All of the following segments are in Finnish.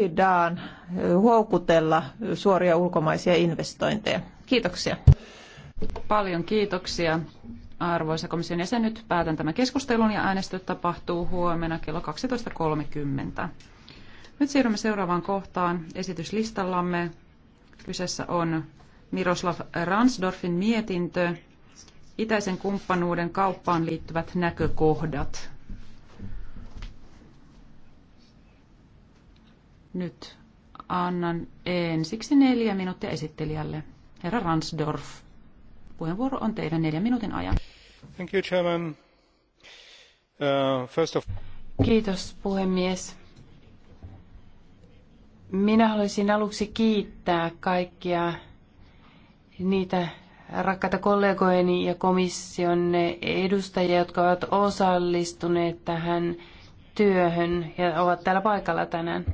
voidaan eh, houkutella suoria ulkomaisia investointeja. Kiitoksia. Paljon kiitoksia arvoisa komission jäsen. Nyt päätän tämän keskustelun ja äänestö tapahtuu huomenna kello 12.30. Nyt siirrymme seuraavaan kohtaan esityslistallamme. Kyseessä on Miroslav Ransdorfin mietintö, itäisen kumppanuuden kauppaan liittyvät näkökohdat. Nyt annan ensiksi neljä minuuttia esittelijälle. Herra Ransdorf, puheenvuoro on teidän neljän minuutin ajan. Thank you, Chairman. Uh, first of... Kiitos puhemies. Minä haluaisin aluksi kiittää kaikkia niitä rakkaita kollegojeni ja komission edustajia, jotka ovat osallistuneet tähän työhön ja ovat täällä paikalla tänään.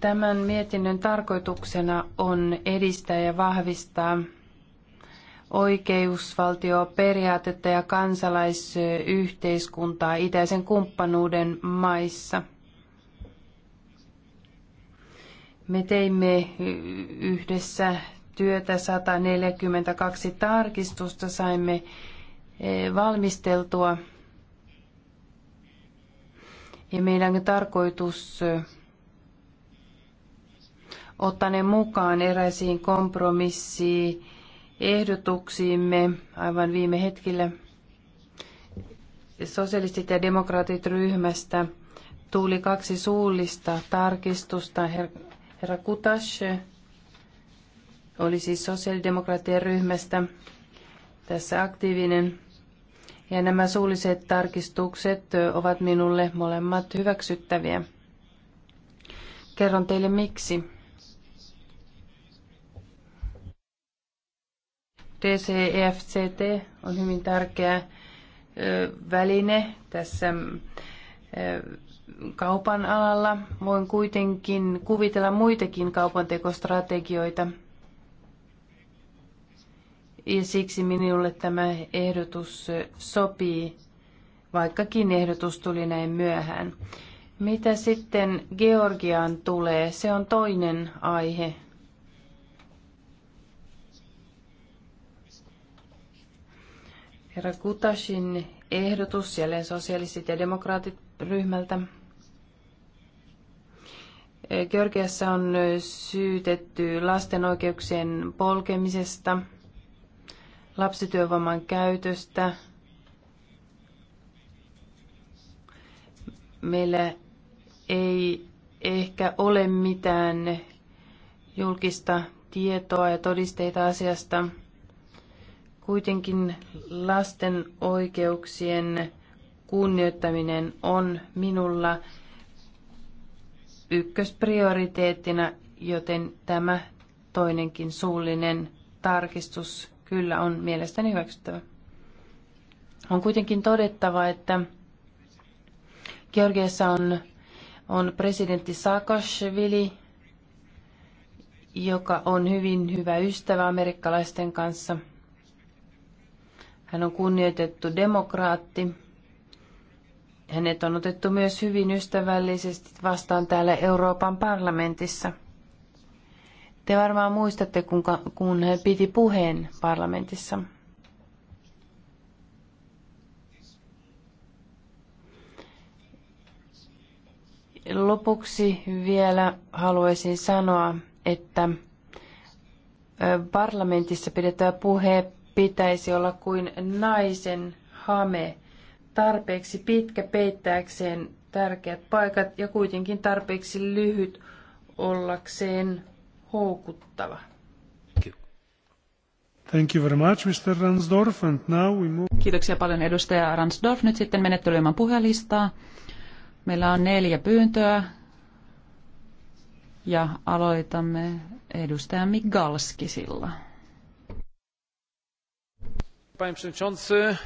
Tämän mietinnön tarkoituksena on edistää ja vahvistaa oikeusvaltioperiaatetta ja kansalaisyhteiskuntaa itäisen kumppanuuden maissa. Me teimme yhdessä työtä 142 tarkistusta, saimme e, valmisteltua ja meidän tarkoitus Ottaneen mukaan eräisiin kompromissiin ehdotuksiimme aivan viime hetkillä. Sosialistit ja demokraatit ryhmästä tuli kaksi suullista tarkistusta. Herra Kutas oli siis sosiaalidemokraattien ryhmästä tässä aktiivinen. Ja nämä suulliset tarkistukset ovat minulle molemmat hyväksyttäviä. Kerron teille miksi. DCEFCT on hyvin tärkeä väline tässä kaupan alalla. Voin kuitenkin kuvitella muitakin kaupantekostrategioita. Ja siksi minulle tämä ehdotus sopii, vaikkakin ehdotus tuli näin myöhään. Mitä sitten Georgiaan tulee? Se on toinen aihe herra Kutashin ehdotus, jälleen sosiaaliset ja demokraatit ryhmältä. Georgiassa on syytetty lasten oikeuksien polkemisesta, lapsityövoiman käytöstä. Meillä ei ehkä ole mitään julkista tietoa ja todisteita asiasta. Kuitenkin lasten oikeuksien kunnioittaminen on minulla ykkösprioriteettina, joten tämä toinenkin suullinen tarkistus kyllä on mielestäni hyväksyttävä. On kuitenkin todettava, että Georgiassa on, on presidentti Saakashvili, joka on hyvin hyvä ystävä amerikkalaisten kanssa – hän on kunnioitettu demokraatti. Hänet on otettu myös hyvin ystävällisesti vastaan täällä Euroopan parlamentissa. Te varmaan muistatte, kun hän piti puheen parlamentissa. Lopuksi vielä haluaisin sanoa, että parlamentissa pidettävä puhe pitäisi olla kuin naisen hame, tarpeeksi pitkä peittääkseen tärkeät paikat ja kuitenkin tarpeeksi lyhyt ollakseen houkuttava. Thank you very much, Mr. Ransdorf. And now we move... Kiitoksia paljon edustaja Ransdorf. Nyt sitten menettelymän puhelistaa. Meillä on neljä pyyntöä ja aloitamme edustaja Migalskisilla. Panie przewodniczący,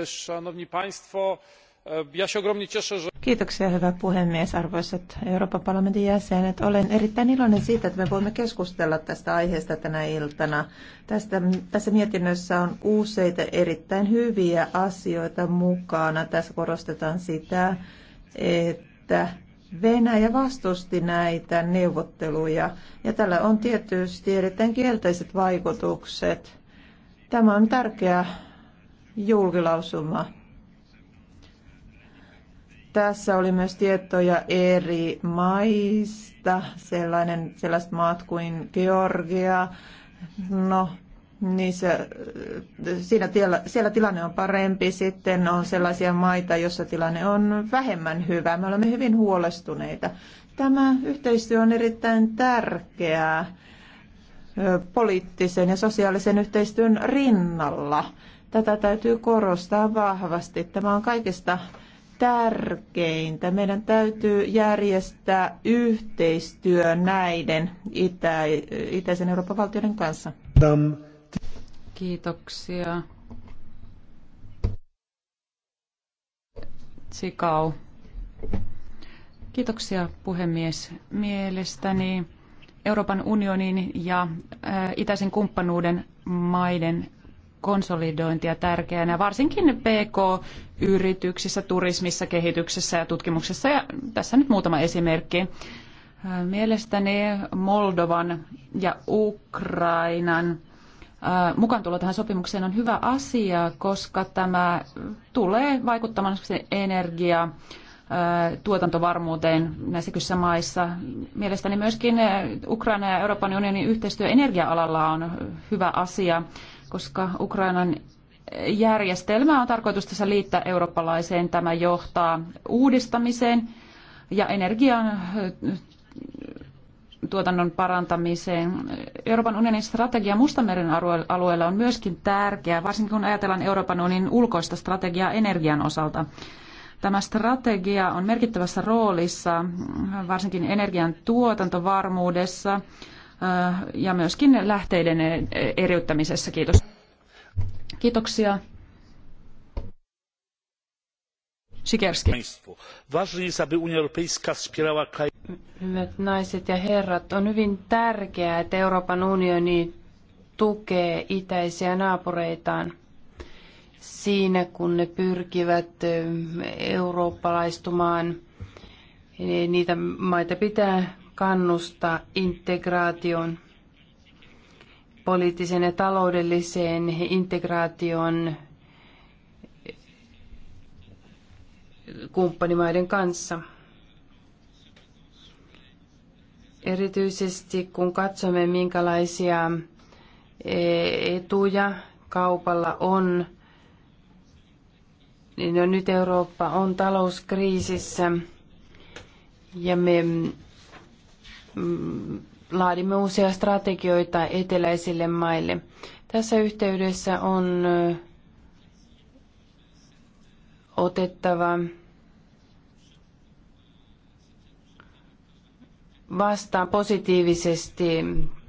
e, szanowni państwo, e, ja się ogromnie cieszę, że... Kiitoksia hyvä puhemies, arvoisat Euroopan parlamentin jäsenet. Olen erittäin iloinen siitä, että me voimme keskustella tästä aiheesta tänä iltana. Tästä, tässä mietinnössä on useita erittäin hyviä asioita mukana. Tässä korostetaan sitä, että Venäjä vastusti näitä neuvotteluja ja tällä on tietysti erittäin kielteiset vaikutukset Tämä on tärkeä julkilausuma. Tässä oli myös tietoja eri maista, sellainen, sellaiset maat kuin Georgia. No, se, siinä tiellä, siellä tilanne on parempi. Sitten on sellaisia maita, joissa tilanne on vähemmän hyvä. Me olemme hyvin huolestuneita. Tämä yhteistyö on erittäin tärkeää poliittisen ja sosiaalisen yhteistyön rinnalla. Tätä täytyy korostaa vahvasti. Tämä on kaikista tärkeintä. Meidän täytyy järjestää yhteistyö näiden itä, itäisen Euroopan valtioiden kanssa. Kiitoksia. Tsikau. Kiitoksia puhemies. Mielestäni Euroopan unionin ja itäisen kumppanuuden maiden konsolidointia tärkeänä, varsinkin PK-yrityksissä, turismissa, kehityksessä ja tutkimuksessa. Ja tässä nyt muutama esimerkki. Mielestäni Moldovan ja Ukrainan mukaantulo tähän sopimukseen on hyvä asia, koska tämä tulee vaikuttamaan energia- tuotantovarmuuteen näissä kyseisissä maissa. Mielestäni myöskin Ukraina ja Euroopan unionin yhteistyö energia-alalla on hyvä asia, koska Ukrainan järjestelmä on tarkoitus tässä liittää eurooppalaiseen. Tämä johtaa uudistamiseen ja energian tuotannon parantamiseen. Euroopan unionin strategia Mustameren alueella on myöskin tärkeä, varsinkin kun ajatellaan Euroopan unionin ulkoista strategiaa energian osalta. Tämä strategia on merkittävässä roolissa, varsinkin energian tuotantovarmuudessa äh, ja myöskin lähteiden eriyttämisessä. Kiitos. Kiitoksia. Sikerski. Hyvät naiset ja herrat, on hyvin tärkeää, että Euroopan unioni tukee itäisiä naapureitaan siinä, kun ne pyrkivät eurooppalaistumaan. Niitä maita pitää kannustaa integraation, poliittiseen ja taloudelliseen integraation kumppanimaiden kanssa. Erityisesti kun katsomme, minkälaisia e, etuja kaupalla on niin no nyt Eurooppa on talouskriisissä ja me mm, laadimme uusia strategioita eteläisille maille. Tässä yhteydessä on otettava vastaan positiivisesti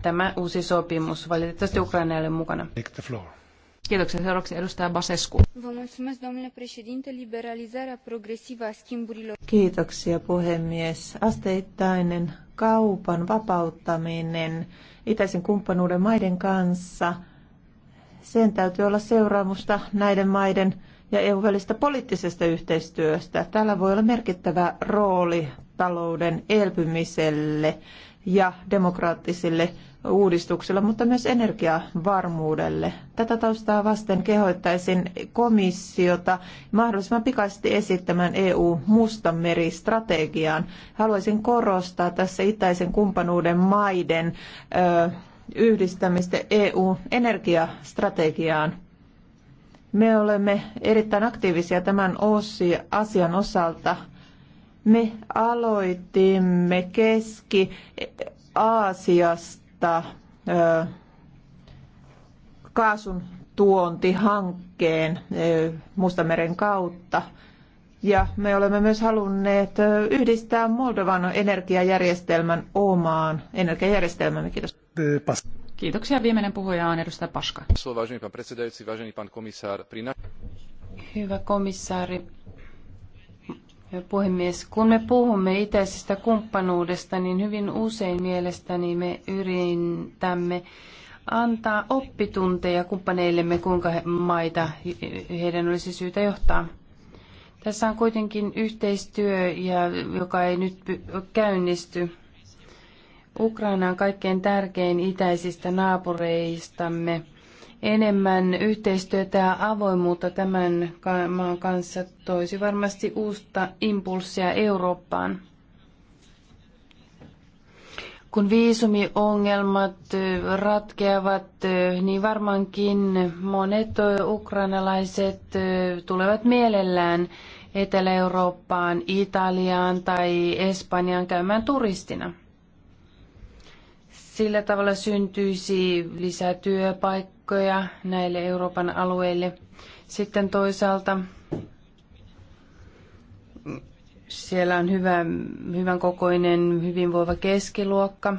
tämä uusi sopimus. Valitettavasti Ukraina ei ole mukana. Take the floor. Kiitoksia. Seuraavaksi edustaja Basescu. Kiitoksia puhemies. Asteittainen kaupan vapauttaminen itäisen kumppanuuden maiden kanssa, sen täytyy olla seuraamusta näiden maiden ja EU-välistä poliittisesta yhteistyöstä. Tällä voi olla merkittävä rooli talouden elpymiselle ja demokraattisille uudistuksille, mutta myös energiavarmuudelle. Tätä taustaa vasten kehoittaisin komissiota mahdollisimman pikaisesti esittämään eu mustameri-strategiaan Haluaisin korostaa tässä itäisen kumppanuuden maiden ö, yhdistämistä EU-energiastrategiaan. Me olemme erittäin aktiivisia tämän asian osalta – me aloitimme Keski-Aasiasta kaasun tuontihankkeen Mustameren kautta. Ja me olemme myös halunneet yhdistää Moldovan energiajärjestelmän omaan energiajärjestelmämme. Kiitos. Kiitoksia. Viimeinen puhuja on edustaja Paska. Hyvä komissaari, puhemies, kun me puhumme itäisestä kumppanuudesta, niin hyvin usein mielestäni me yritämme antaa oppitunteja kumppaneillemme, kuinka maita heidän olisi syytä johtaa. Tässä on kuitenkin yhteistyö, ja, joka ei nyt käynnisty. Ukraina on kaikkein tärkein itäisistä naapureistamme enemmän yhteistyötä ja avoimuutta tämän maan kanssa toisi varmasti uusta impulssia Eurooppaan. Kun viisumiongelmat ratkeavat, niin varmaankin monet ukrainalaiset tulevat mielellään Etelä-Eurooppaan, Italiaan tai Espanjaan käymään turistina. Sillä tavalla syntyisi lisää työpaikkoja näille Euroopan alueille. Sitten toisaalta siellä on hyvä, hyvän kokoinen, hyvinvoiva keskiluokka.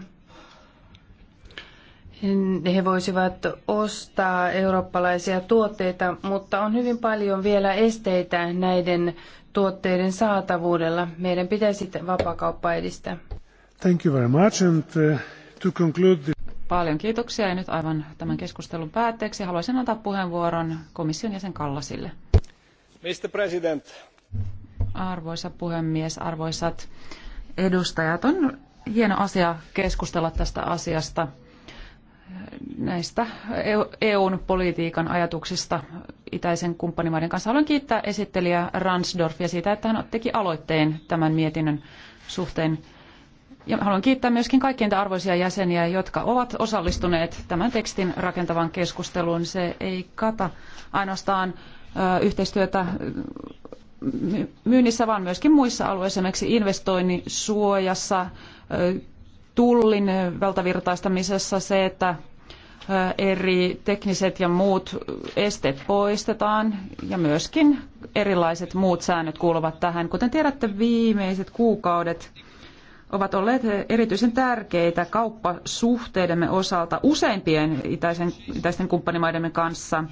He voisivat ostaa eurooppalaisia tuotteita, mutta on hyvin paljon vielä esteitä näiden tuotteiden saatavuudella. Meidän pitäisi vapakauppaa edistää. Thank you very much and, uh... Paljon kiitoksia ja nyt aivan tämän keskustelun päätteeksi haluaisin antaa puheenvuoron komission jäsen Kallasille. Mr. President. Arvoisa puhemies, arvoisat edustajat, on hieno asia keskustella tästä asiasta näistä EUn e politiikan ajatuksista itäisen kumppanimaiden kanssa. Haluan kiittää esittelijä Ransdorfia siitä, että hän teki aloitteen tämän mietinnön suhteen. Ja haluan kiittää myöskin kaikkien arvoisia jäseniä, jotka ovat osallistuneet tämän tekstin rakentavan keskusteluun. Se ei kata ainoastaan yhteistyötä myynnissä, vaan myöskin muissa alueissa, esimerkiksi investoinnin suojassa, tullin valtavirtaistamisessa, se, että eri tekniset ja muut esteet poistetaan ja myöskin erilaiset muut säännöt kuuluvat tähän. Kuten tiedätte, viimeiset kuukaudet ovat olleet erityisen tärkeitä kauppasuhteidemme osalta useimpien itäisen, itäisten kumppanimaidemme kanssa.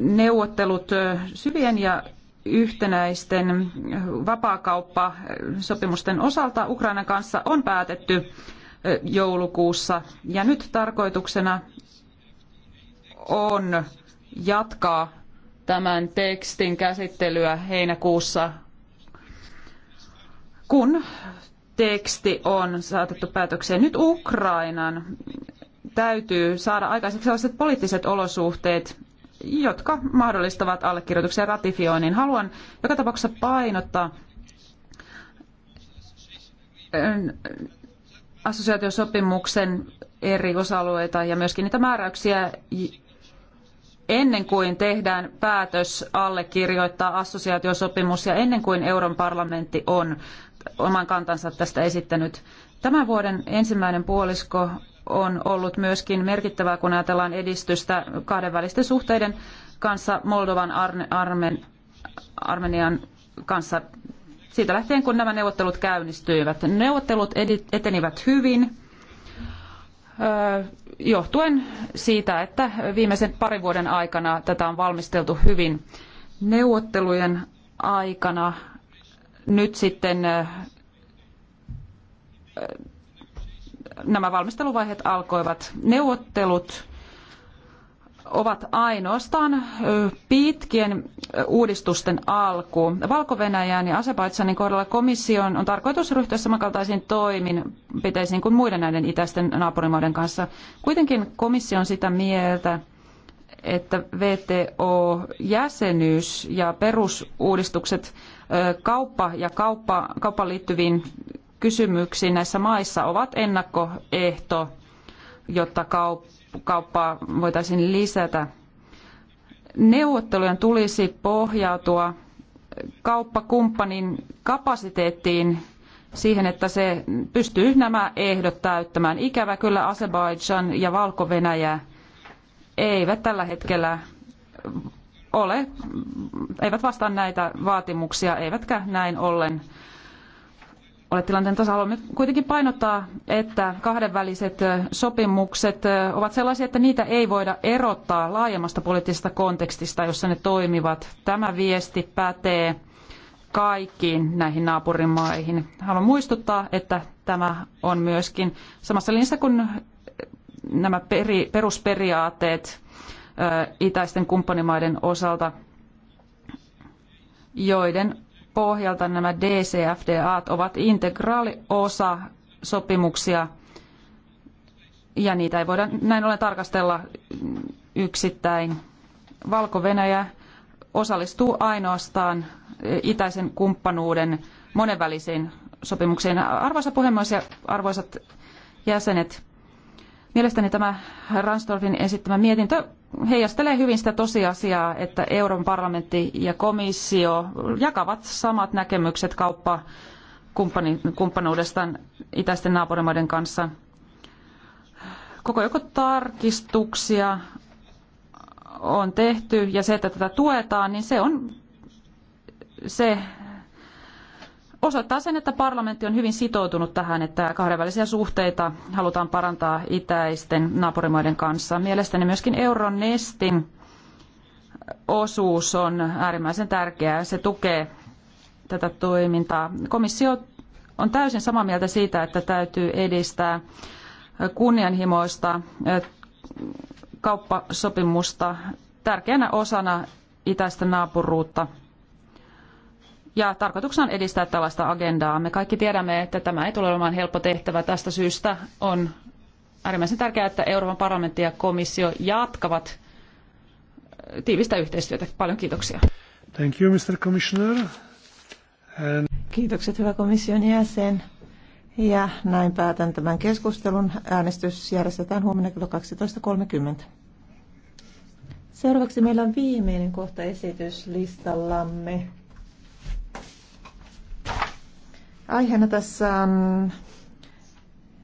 Neuvottelut syvien ja yhtenäisten vapaakauppasopimusten osalta Ukrainan kanssa on päätetty joulukuussa ja nyt tarkoituksena on jatkaa tämän tekstin käsittelyä heinäkuussa kun teksti on saatettu päätökseen. Nyt Ukrainan täytyy saada aikaiseksi sellaiset poliittiset olosuhteet, jotka mahdollistavat allekirjoituksen ratifioinnin. Haluan joka tapauksessa painottaa assosiaatiosopimuksen eri osa-alueita ja myöskin niitä määräyksiä ennen kuin tehdään päätös allekirjoittaa assosiaatiosopimus ja ennen kuin Euroopan parlamentti on oman kantansa tästä esittänyt. Tämän vuoden ensimmäinen puolisko on ollut myöskin merkittävää, kun ajatellaan edistystä kahdenvälisten suhteiden kanssa Moldovan Armen, Armenian kanssa siitä lähtien, kun nämä neuvottelut käynnistyivät. Neuvottelut etenivät hyvin johtuen siitä, että viimeisen parin vuoden aikana tätä on valmisteltu hyvin. Neuvottelujen aikana nyt sitten nämä valmisteluvaiheet alkoivat. Neuvottelut ovat ainoastaan pitkien uudistusten alku. valko ja Azerbaidsanin kohdalla komission on tarkoitus ryhtyä samankaltaisiin toimenpiteisiin kuin muiden näiden itäisten naapurimaiden kanssa. Kuitenkin komissio on sitä mieltä, että VTO-jäsenyys ja perusuudistukset kauppa- ja kauppa, kauppaan liittyviin kysymyksiin näissä maissa ovat ennakkoehto, jotta kauppaa voitaisiin lisätä. Neuvottelujen tulisi pohjautua kauppakumppanin kapasiteettiin siihen, että se pystyy nämä ehdot täyttämään. Ikävä kyllä Azerbaijan ja Valko-Venäjä eivät tällä hetkellä ole, eivät vastaa näitä vaatimuksia, eivätkä näin ollen ole tilanteen tasa. Haluamme kuitenkin painottaa, että kahdenväliset sopimukset ovat sellaisia, että niitä ei voida erottaa laajemmasta poliittisesta kontekstista, jossa ne toimivat. Tämä viesti pätee kaikkiin näihin naapurimaihin. Haluan muistuttaa, että tämä on myöskin samassa linjassa kuin nämä peri, perusperiaatteet itäisten kumppanimaiden osalta, joiden pohjalta nämä DCFDA ovat integraali osa sopimuksia ja niitä ei voida näin ollen tarkastella yksittäin. Valko-Venäjä osallistuu ainoastaan itäisen kumppanuuden monenvälisiin sopimuksiin. Arvoisa puhemies ja arvoisat jäsenet, Mielestäni tämä Ransdorfin esittämä mietintö heijastelee hyvin sitä tosiasiaa, että Euroopan parlamentti ja komissio jakavat samat näkemykset kauppa kumppanuudestaan itäisten naapurimaiden kanssa. Koko joko tarkistuksia on tehty ja se, että tätä tuetaan, niin se on se osoittaa sen, että parlamentti on hyvin sitoutunut tähän, että kahdenvälisiä suhteita halutaan parantaa itäisten naapurimaiden kanssa. Mielestäni myöskin Euronestin osuus on äärimmäisen tärkeää. Se tukee tätä toimintaa. Komissio on täysin samaa mieltä siitä, että täytyy edistää kunnianhimoista kauppasopimusta tärkeänä osana itäistä naapuruutta – ja tarkoituksena on edistää tällaista agendaa. Me kaikki tiedämme, että tämä ei tule olemaan helppo tehtävä. Tästä syystä on äärimmäisen tärkeää, että Euroopan parlamentti ja komissio jatkavat äh, tiivistä yhteistyötä. Paljon kiitoksia. Thank you, Mr. Commissioner. And... Kiitokset, hyvä komission jäsen. Ja näin päätän tämän keskustelun. Äänestys järjestetään huomenna kello 12.30. Seuraavaksi meillä on viimeinen kohta esityslistallamme. Aiheena tässä on